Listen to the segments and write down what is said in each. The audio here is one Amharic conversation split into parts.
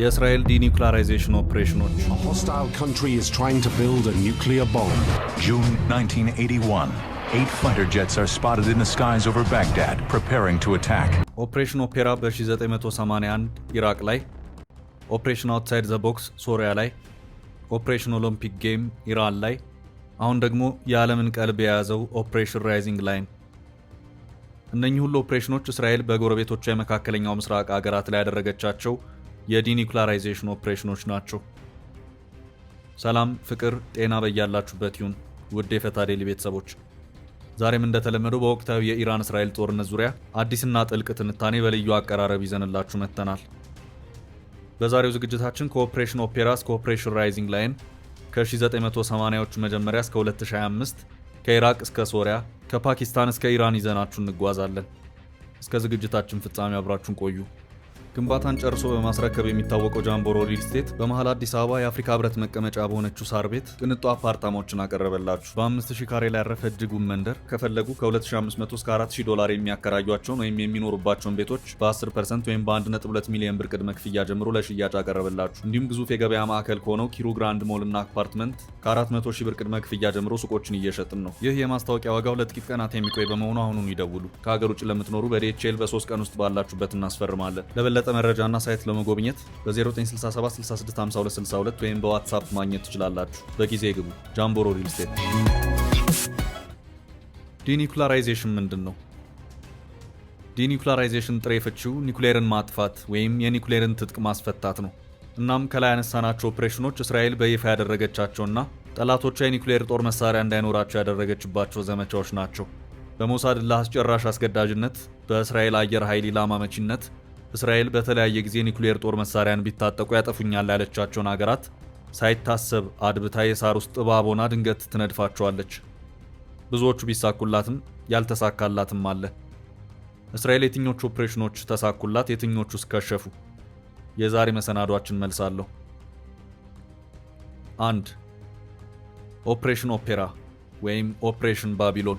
የእስራኤል ዲኒውክሊያራይዜሽን ኦፕሬሽኖች Eight fighter jets are spotted in the skies over Baghdad, preparing to attack. ኦፕሬሽን ኦፔራ በ1981 ኢራቅ ላይ፣ ኦፕሬሽን አውትሳይድ ዘ ቦክስ ሶሪያ ላይ፣ ኦፕሬሽን ኦሎምፒክ ጌም ኢራን ላይ፣ አሁን ደግሞ የዓለምን ቀልብ የያዘው ኦፕሬሽን ራይዚንግ ላይን። እነኚህ ሁሉ ኦፕሬሽኖች እስራኤል በጎረቤቶቿ የመካከለኛው ምስራቅ አገራት ላይ ያደረገቻቸው የዲኒኩላራይዜሽን ኦፕሬሽኖች ናቸው። ሰላም፣ ፍቅር፣ ጤና በያላችሁበት ይሁን ውድ የፈታ ዴሊ ቤተሰቦች፣ ዛሬም እንደተለመደው በወቅታዊ የኢራን እስራኤል ጦርነት ዙሪያ አዲስና ጥልቅ ትንታኔ በልዩ አቀራረብ ይዘንላችሁ መጥተናል። በዛሬው ዝግጅታችን ከኦፕሬሽን ኦፔራ እስከ ኦፕሬሽን ራይዚንግ ላይን ከ1980ዎቹ መጀመሪያ እስከ 2025 ከኢራቅ እስከ ሶሪያ ከፓኪስታን እስከ ኢራን ይዘናችሁ እንጓዛለን። እስከ ዝግጅታችን ፍጻሜ አብራችሁን ቆዩ። ግንባታን ጨርሶ በማስረከብ የሚታወቀው ጃምቦሮ ሪል ስቴት በመሀል አዲስ አበባ የአፍሪካ ህብረት መቀመጫ በሆነችው ሳር ቤት ቅንጡ አፓርታማዎችን አቀረበላችሁ። በ5000 ካሬ ላይ ያረፈ እጅጉን መንደር ከፈለጉ ከ2500 እስከ 4000 ዶላር የሚያከራዩቸውን ወይም የሚኖሩባቸውን ቤቶች በ10 ፐርሰንት ወይም በ1.2 ሚሊዮን ብር ቅድመ ክፍያ ጀምሮ ለሽያጭ አቀረበላችሁ። እንዲሁም ግዙፍ የገበያ ማዕከል ከሆነው ኪሩ ግራንድ ሞልና አፓርትመንት ከ400 ሺህ ብር ቅድመ ክፍያ ጀምሮ ሱቆችን እየሸጥን ነው። ይህ የማስታወቂያ ዋጋው ለጥቂት ቀናት የሚቆይ በመሆኑ አሁኑን ይደውሉ። ከሀገር ውጭ ለምትኖሩ በዲኤችኤል በሶስት ቀን ውስጥ ባላችሁበት እናስፈርማለን። ለበለጠ የበለጠ መረጃና ሳይት ለመጎብኘት በ0967665262 ወይም በዋትሳፕ ማግኘት ትችላላችሁ። በጊዜ ግቡ። ጃምቦሮ ሪል ስቴት። ዲኒኩላራይዜሽን ምንድን ነው? ዲኒኩላራይዜሽን ጥሬ ፍቺው ኒኩሌርን ማጥፋት ወይም የኒኩሌርን ትጥቅ ማስፈታት ነው። እናም ከላይ ያነሳናቸው ኦፕሬሽኖች እስራኤል በይፋ ያደረገቻቸውና ጠላቶቿ የኒኩሌር ጦር መሳሪያ እንዳይኖራቸው ያደረገችባቸው ዘመቻዎች ናቸው። በሞሳድ ለአስጨራሽ አስገዳጅነት፣ በእስራኤል አየር ኃይል ኢላማ መቺነት፣ እስራኤል በተለያየ ጊዜ ኒውክሌር ጦር መሳሪያን ቢታጠቁ ያጠፉኛል ያለቻቸውን አገራት ሳይታሰብ አድብታ የሳር ውስጥ እባብ ሆና ድንገት ትነድፋቸዋለች። ብዙዎቹ ቢሳኩላትም ያልተሳካላትም አለ። እስራኤል የትኞቹ ኦፕሬሽኖች ተሳኩላት፣ የትኞቹ እስከሸፉ? የዛሬ መሰናዷችን መልሳለሁ። አንድ ኦፕሬሽን ኦፔራ ወይም ኦፕሬሽን ባቢሎን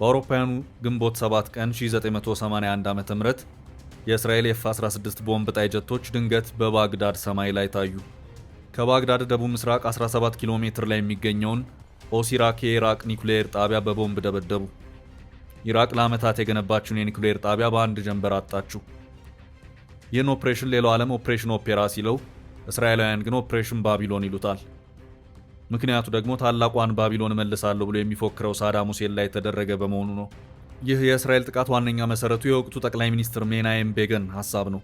በአውሮፓውያኑ ግንቦት 7 ቀን 1981 ም የእስራኤል ኤፍ 16 ቦምብ ጣይ ጀቶች ድንገት በባግዳድ ሰማይ ላይ ታዩ። ከባግዳድ ደቡብ ምስራቅ 17 ኪሎ ሜትር ላይ የሚገኘውን ኦሲራክ የኢራቅ ኒኩሌየር ጣቢያ በቦምብ ደበደቡ። ኢራቅ ለዓመታት የገነባችውን የኒኩሌየር ጣቢያ በአንድ ጀንበር አጣችው። ይህን ኦፕሬሽን ሌላው ዓለም ኦፕሬሽን ኦፔራ ሲለው፣ እስራኤላውያን ግን ኦፕሬሽን ባቢሎን ይሉታል። ምክንያቱ ደግሞ ታላቋን ባቢሎን መልሳለሁ ብሎ የሚፎክረው ሳዳም ሁሴን ላይ የተደረገ በመሆኑ ነው። ይህ የእስራኤል ጥቃት ዋነኛ መሰረቱ የወቅቱ ጠቅላይ ሚኒስትር ሜናየም ቤገን ሀሳብ ነው።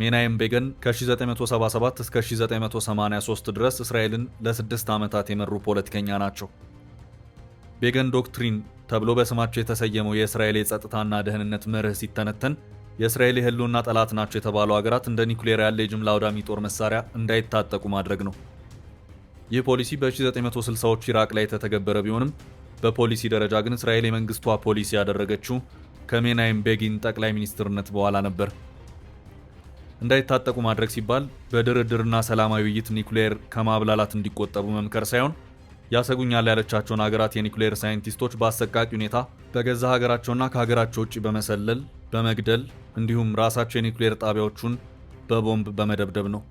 ሜናየም ቤገን ከ1977 እስከ 1983 ድረስ እስራኤልን ለስድስት ዓመታት የመሩ ፖለቲከኛ ናቸው። ቤገን ዶክትሪን ተብሎ በስማቸው የተሰየመው የእስራኤል የጸጥታና ደህንነት መርህ ሲተነተን የእስራኤል የህልውና ጠላት ናቸው የተባሉ ሀገራት እንደ ኒኩሌር ያለ የጅምላ አውዳሚ ጦር መሳሪያ እንዳይታጠቁ ማድረግ ነው። ይህ ፖሊሲ በ1960ዎቹ ኢራቅ ላይ የተተገበረ ቢሆንም በፖሊሲ ደረጃ ግን እስራኤል የመንግስቷ ፖሊሲ ያደረገችው ከሜናይም ቤጊን ጠቅላይ ሚኒስትርነት በኋላ ነበር። እንዳይታጠቁ ማድረግ ሲባል በድርድርና ሰላማዊ ውይይት ኒኩሌር ከማብላላት እንዲቆጠቡ መምከር ሳይሆን ያሰጉኛል ያለቻቸውን ሀገራት የኒኩሌር ሳይንቲስቶች በአሰቃቂ ሁኔታ በገዛ ሀገራቸውና ከሀገራቸው ውጭ በመሰለል በመግደል እንዲሁም ራሳቸው የኒኩሌር ጣቢያዎቹን በቦምብ በመደብደብ ነው።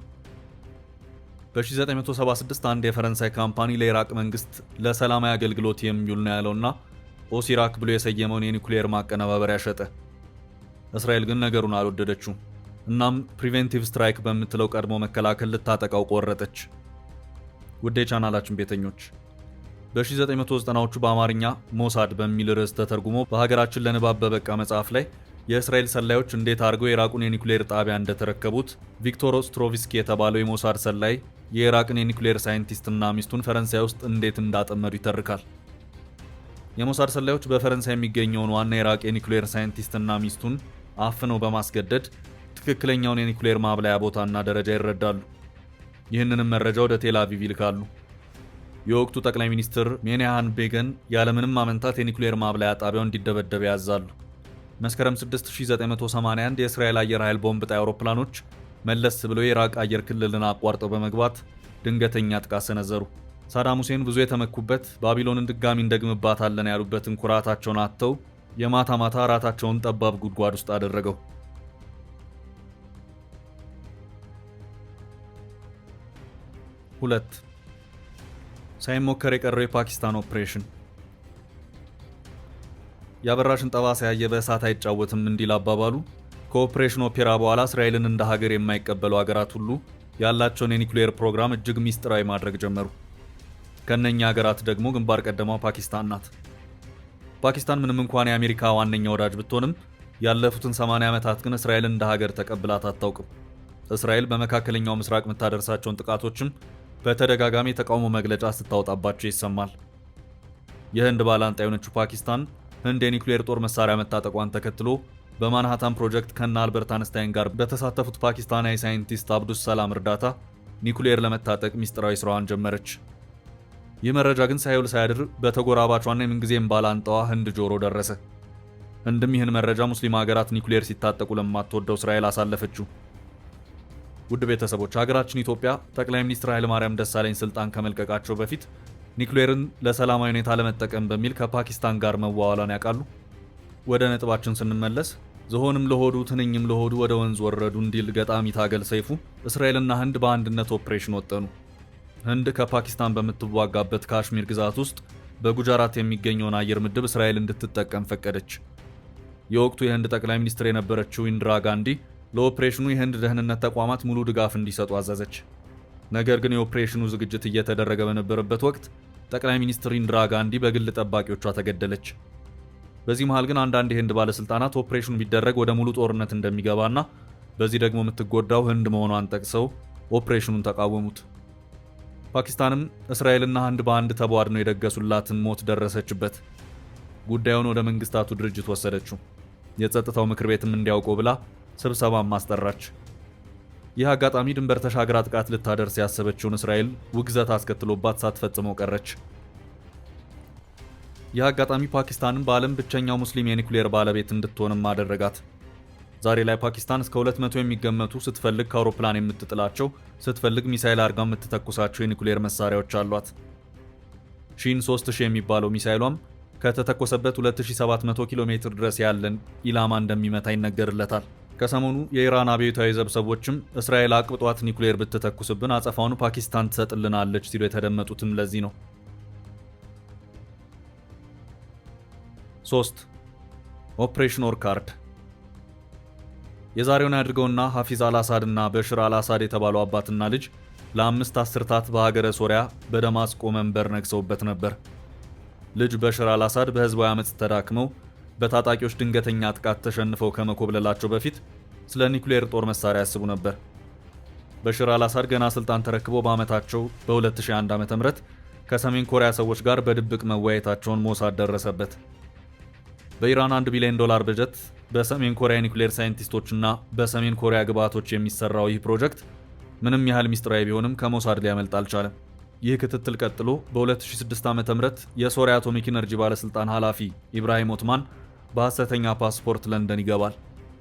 በ1976 አንድ የፈረንሳይ ካምፓኒ ለኢራቅ መንግስት ለሰላማዊ አገልግሎት የሚውል ነው ያለውና ኦሲራክ ብሎ የሰየመውን የኒኩሌር ማቀነባበሪያ ሸጠ። እስራኤል ግን ነገሩን አልወደደችው። እናም ፕሪቬንቲቭ ስትራይክ በምትለው ቀድሞ መከላከል ልታጠቃው ቆረጠች። ውድ የቻናላችን ቤተኞች በ1990ዎቹ በአማርኛ ሞሳድ በሚል ርዕስ ተተርጉሞ በሀገራችን ለንባብ በበቃ መጽሐፍ ላይ የእስራኤል ሰላዮች እንዴት አድርገው የኢራቁን የኒኩሌር ጣቢያ እንደተረከቡት ቪክቶር ኦስትሮቪስኪ የተባለው የሞሳድ ሰላይ የኢራቅን የኒኩሌር ሳይንቲስትና ሚስቱን ፈረንሳይ ውስጥ እንዴት እንዳጠመዱ ይተርካል። የሞሳድ ሰላዮች በፈረንሳይ የሚገኘውን ዋና የኢራቅ የኒኩሌር ሳይንቲስትና ሚስቱን አፍነው በማስገደድ ትክክለኛውን የኒኩሌር ማብላያ ቦታና ደረጃ ይረዳሉ። ይህንንም መረጃ ወደ ቴል ይልካሉ። የወቅቱ ጠቅላይ ሚኒስትር ሜንያሃን ቤገን ያለምንም አመንታት የኒኩሌር ማብላያ ጣቢያው እንዲደበደበ ያዛሉ። መስከረም 6981 የእስራኤል አየር ኃይል ቦምብ ጣይ አውሮፕላኖች መለስ ብለው የኢራቅ አየር ክልልን አቋርጠው በመግባት ድንገተኛ ጥቃት ሰነዘሩ። ሳዳም ሁሴን ብዙ የተመኩበት ባቢሎንን ድጋሚ እንደግምባታለን ያሉበትን ኩራታቸውን አጥተው የማታ ማታ ራታቸውን ጠባብ ጉድጓድ ውስጥ አደረገው። ሁለት ሳይሞከር የቀረው የፓኪስታን ኦፕሬሽን የአበራሽን ጠባሳ ያየ በእሳት አይጫወትም እንዲል አባባሉ ከኦፕሬሽን ኦፔራ በኋላ እስራኤልን እንደ ሀገር የማይቀበሉ ሀገራት ሁሉ ያላቸውን የኒውክሌር ፕሮግራም እጅግ ሚስጥራዊ ማድረግ ጀመሩ። ከነኛ ሀገራት ደግሞ ግንባር ቀደማው ፓኪስታን ናት። ፓኪስታን ምንም እንኳን የአሜሪካ ዋነኛ ወዳጅ ብትሆንም ያለፉትን 80 ዓመታት ግን እስራኤልን እንደ ሀገር ተቀብላት አታውቅም። እስራኤል በመካከለኛው ምስራቅ የምታደርሳቸውን ጥቃቶችም በተደጋጋሚ የተቃውሞ መግለጫ ስታወጣባቸው ይሰማል። የህንድ ባላንጣ የሆነችው ፓኪስታን ህንድ የኒውክሌር ጦር መሳሪያ መታጠቋን ተከትሎ በማንሃታን ፕሮጀክት ከነ አልበርት አንስታይን ጋር በተሳተፉት ፓኪስታናዊ ሳይንቲስት አብዱስ ሰላም እርዳታ ኒውክሌር ለመታጠቅ ሚስጥራዊ ስራዋን ጀመረች። ይህ መረጃ ግን ሳይውል ሳያድር በተጎራባቿና የምንጊዜም ባላንጣዋ ህንድ ጆሮ ደረሰ። ህንድም ይህን መረጃ ሙስሊም ሀገራት ኒውክሌር ሲታጠቁ ለማትወደው እስራኤል አሳለፈችው። ውድ ቤተሰቦች ሀገራችን ኢትዮጵያ ጠቅላይ ሚኒስትር ኃይለማርያም ደሳለኝ ስልጣን ከመልቀቃቸው በፊት ኒክሌርን ለሰላማዊ ሁኔታ ለመጠቀም በሚል ከፓኪስታን ጋር መዋዋላን ያውቃሉ። ወደ ነጥባችን ስንመለስ ዝሆንም ለሆዱ ትንኝም ለሆዱ ወደ ወንዝ ወረዱ እንዲል ገጣሚ ታገል ሰይፉ እስራኤልና ህንድ በአንድነት ኦፕሬሽን ወጠኑ። ህንድ ከፓኪስታን በምትዋጋበት ካሽሚር ግዛት ውስጥ በጉጃራት የሚገኘውን አየር ምድብ እስራኤል እንድትጠቀም ፈቀደች። የወቅቱ የህንድ ጠቅላይ ሚኒስትር የነበረችው ኢንድራ ጋንዲ ለኦፕሬሽኑ የህንድ ደህንነት ተቋማት ሙሉ ድጋፍ እንዲሰጡ አዘዘች። ነገር ግን የኦፕሬሽኑ ዝግጅት እየተደረገ በነበረበት ወቅት ጠቅላይ ሚኒስትር ኢንድራ ጋንዲ በግል ጠባቂዎቿ ተገደለች። በዚህ መሃል ግን አንዳንድ የህንድ ባለስልጣናት ኦፕሬሽኑ ቢደረግ ወደ ሙሉ ጦርነት እንደሚገባና በዚህ ደግሞ የምትጎዳው ህንድ መሆኗን ጠቅሰው ኦፕሬሽኑን ተቃወሙት። ፓኪስታንም እስራኤልና ህንድ በአንድ ተቧድነው የደገሱላትን ሞት ደረሰችበት። ጉዳዩን ወደ መንግስታቱ ድርጅት ወሰደችው። የጸጥታው ምክር ቤትም እንዲያውቀው ብላ ስብሰባም አስጠራች። ይህ አጋጣሚ ድንበር ተሻግራ ጥቃት ልታደርስ ያሰበችውን እስራኤል ውግዘት አስከትሎባት ሳትፈጽመው ቀረች። ይህ አጋጣሚ ፓኪስታንን በዓለም ብቸኛው ሙስሊም የኒኩሌር ባለቤት እንድትሆንም አደረጋት። ዛሬ ላይ ፓኪስታን እስከ 200 የሚገመቱ ስትፈልግ ከአውሮፕላን የምትጥላቸው ስትፈልግ ሚሳይል አድርጋ የምትተኩሳቸው የኒኩሌር መሳሪያዎች አሏት። ሺን 3000 የሚባለው ሚሳይሏም ከተተኮሰበት 2700 ኪሎ ሜትር ድረስ ያለን ኢላማ እንደሚመታ ይነገርለታል። ከሰሞኑ የኢራን አብዮታዊ ዘብ ሰዎችም እስራኤል አቅብጧት ኒውክሌር ብትተኩስብን አጸፋውን ፓኪስታን ትሰጥልናለች ሲሉ የተደመጡትም ለዚህ ነው። ሶስት ኦፕሬሽን ኦርካርድ የዛሬውን ያድርገውና ሐፊዝ አልአሳድና በሽር አልአሳድ የተባሉ አባትና ልጅ ለአምስት አስርታት በሀገረ ሶሪያ በደማስቆ መንበር ነግሰውበት ነበር። ልጅ በሽር አልአሳድ በህዝባዊ ዓመፅ ተዳክመው በታጣቂዎች ድንገተኛ ጥቃት ተሸንፈው ከመኮብለላቸው በፊት ስለ ኒውክሌር ጦር መሳሪያ ያስቡ ነበር። በሽር አላሳድ ገና ስልጣን ተረክበው በዓመታቸው በ2001 ዓ ም ከሰሜን ኮሪያ ሰዎች ጋር በድብቅ መወያየታቸውን ሞሳድ ደረሰበት። በኢራን 1 ቢሊዮን ዶላር በጀት በሰሜን ኮሪያ ኒውክሌር ሳይንቲስቶችና በሰሜን ኮሪያ ግብዓቶች የሚሰራው ይህ ፕሮጀክት ምንም ያህል ሚስጥራዊ ቢሆንም ከሞሳድ ሊያመልጥ አልቻለም። ይህ ክትትል ቀጥሎ በ2006 ዓ ም የሶሪያ አቶሚክ ኢነርጂ ባለሥልጣን ኃላፊ ኢብራሂም ኦትማን በሐሰተኛ ፓስፖርት ለንደን ይገባል።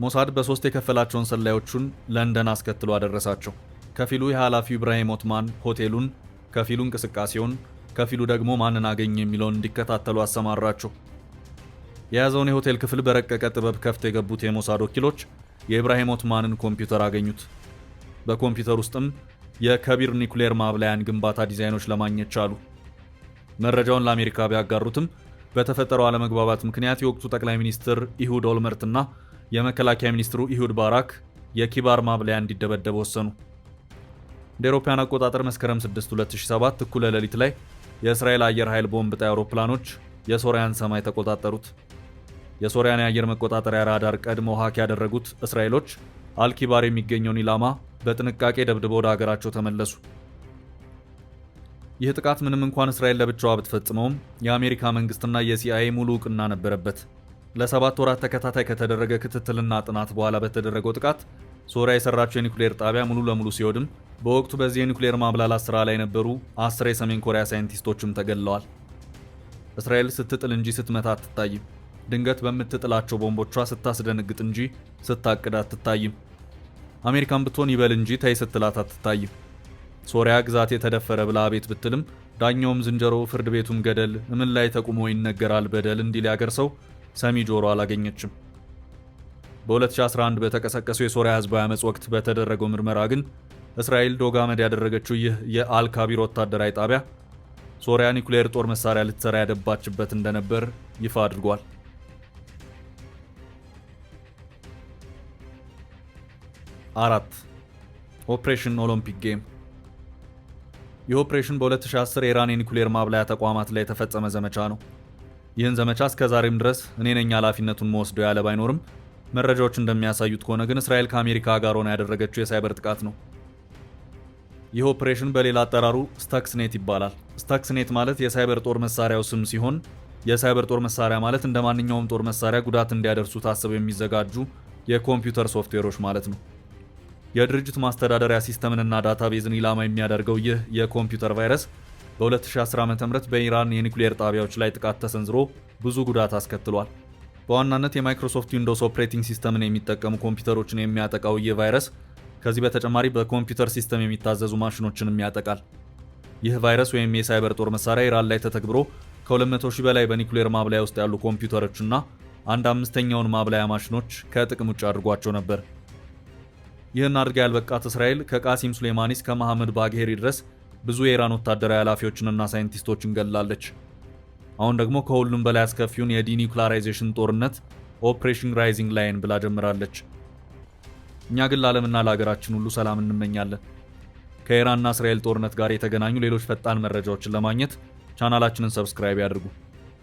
ሞሳድ በሦስት የከፈላቸውን ሰላዮቹን ለንደን አስከትሎ አደረሳቸው። ከፊሉ የኃላፊው ኢብራሂም ኦትማን ሆቴሉን፣ ከፊሉ እንቅስቃሴውን፣ ከፊሉ ደግሞ ማንን አገኘ የሚለውን እንዲከታተሉ አሰማራቸው። የያዘውን የሆቴል ክፍል በረቀቀ ጥበብ ከፍት የገቡት የሞሳድ ወኪሎች የኢብራሂም ኦትማንን ኮምፒውተር አገኙት። በኮምፒውተር ውስጥም የከቢር ኒኩሌር ማብላያን ግንባታ ዲዛይኖች ለማግኘት ቻሉ። መረጃውን ለአሜሪካ ቢያጋሩትም በተፈጠረው አለመግባባት ምክንያት የወቅቱ ጠቅላይ ሚኒስትር ኢሁድ ኦልመርትና የመከላከያ ሚኒስትሩ ኢሁድ ባራክ የኪባር ማብለያ እንዲደበደብ ወሰኑ። እንደ አውሮፓውያን አቆጣጠር መስከረም 6 2007 እኩለ ሌሊት ላይ የእስራኤል አየር ኃይል ቦምብ ጣይ አውሮፕላኖች የሶሪያን ሰማይ ተቆጣጠሩት። የሶሪያን የአየር መቆጣጠሪያ ራዳር ቀድሞ ሀክ ያደረጉት እስራኤሎች አልኪባር የሚገኘውን ኢላማ በጥንቃቄ ደብድበው ወደ ሀገራቸው ተመለሱ። ይህ ጥቃት ምንም እንኳን እስራኤል ለብቻዋ ብትፈጽመውም የአሜሪካ መንግስትና የሲአይኤ ሙሉ እውቅና ነበረበት። ለሰባት ወራት ተከታታይ ከተደረገ ክትትልና ጥናት በኋላ በተደረገው ጥቃት ሶሪያ የሰራቸው የኒኩሌር ጣቢያ ሙሉ ለሙሉ ሲወድም በወቅቱ በዚህ የኒኩሌር ማብላላት ስራ ላይ የነበሩ አስር የሰሜን ኮሪያ ሳይንቲስቶችም ተገለዋል። እስራኤል ስትጥል እንጂ ስትመታ አትታይም። ድንገት በምትጥላቸው ቦምቦቿ ስታስደነግጥ እንጂ ስታቅድ አትታይም። አሜሪካን ብትሆን ይበል እንጂ ተይ ስትላት አትታይም። ሶሪያ ግዛት የተደፈረ ብላ ቤት ብትልም ዳኛውም ዝንጀሮ ፍርድ ቤቱም ገደል እምን ላይ ተቁሞ ይነገራል በደል እንዲል ያገር ሰው ሰሚ ጆሮ አላገኘችም። በ2011 በተቀሰቀሰው የሶሪያ ህዝባዊ አመፅ ወቅት በተደረገው ምርመራ ግን እስራኤል ዶጋመድ ያደረገችው ይህ የአልካቢር ወታደራዊ ጣቢያ ሶሪያ ኒኩሌር ጦር መሳሪያ ልትሰራ ያደባችበት እንደነበር ይፋ አድርጓል። አራት ኦፕሬሽን ኦሎምፒክ ጌም ይህ ኦፕሬሽን በ2010 የኢራን የኒኩሌር ማብላያ ተቋማት ላይ የተፈጸመ ዘመቻ ነው። ይህን ዘመቻ እስከ ዛሬም ድረስ እኔ ነኝ ኃላፊነቱን መወስዶ ያለ ባይኖርም መረጃዎች እንደሚያሳዩት ከሆነ ግን እስራኤል ከአሜሪካ ጋር ሆና ያደረገችው የሳይበር ጥቃት ነው። ይህ ኦፕሬሽን በሌላ አጠራሩ ስታክስኔት ይባላል። ስታክስኔት ማለት የሳይበር ጦር መሳሪያው ስም ሲሆን የሳይበር ጦር መሳሪያ ማለት እንደ ማንኛውም ጦር መሳሪያ ጉዳት እንዲያደርሱ ታስበው የሚዘጋጁ የኮምፒውተር ሶፍትዌሮች ማለት ነው። የድርጅት ማስተዳደሪያ ሲስተምንና ዳታቤዝን ኢላማ የሚያደርገው ይህ የኮምፒውተር ቫይረስ በ2010 ዓ ም በኢራን የኒውክሌር ጣቢያዎች ላይ ጥቃት ተሰንዝሮ ብዙ ጉዳት አስከትሏል። በዋናነት የማይክሮሶፍት ዊንዶውስ ኦፕሬቲንግ ሲስተምን የሚጠቀሙ ኮምፒውተሮችን የሚያጠቃው ይህ ቫይረስ ከዚህ በተጨማሪ በኮምፒውተር ሲስተም የሚታዘዙ ማሽኖችንም ያጠቃል። ይህ ቫይረስ ወይም የሳይበር ጦር መሳሪያ ኢራን ላይ ተተግብሮ ከ200 ሺህ በላይ በኒውክሌር ማብላያ ውስጥ ያሉ ኮምፒውተሮችና አንድ አምስተኛውን ማብላያ ማሽኖች ከጥቅም ውጭ አድርጓቸው ነበር። ይህን አድርጋ ያልበቃት እስራኤል ከቃሲም ሱሌማኒ እስከ መሐመድ ባግሄሪ ድረስ ብዙ የኢራን ወታደራዊ ኃላፊዎችንና ሳይንቲስቶችን ገላለች። አሁን ደግሞ ከሁሉም በላይ አስከፊውን የዲኒውክላራይዜሽን ጦርነት ኦፕሬሽን ራይዚንግ ላይን ብላ ጀምራለች። እኛ ግን ለዓለምና ለሀገራችን ሁሉ ሰላም እንመኛለን። ከኢራንና እስራኤል ጦርነት ጋር የተገናኙ ሌሎች ፈጣን መረጃዎችን ለማግኘት ቻናላችንን ሰብስክራይብ ያድርጉ።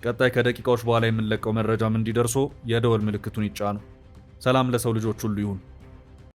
ቀጣይ ከደቂቃዎች በኋላ የምንለቀው መረጃም እንዲደርሶ የደወል ምልክቱን ይጫኑ። ሰላም ለሰው ልጆች ሁሉ ይሁን።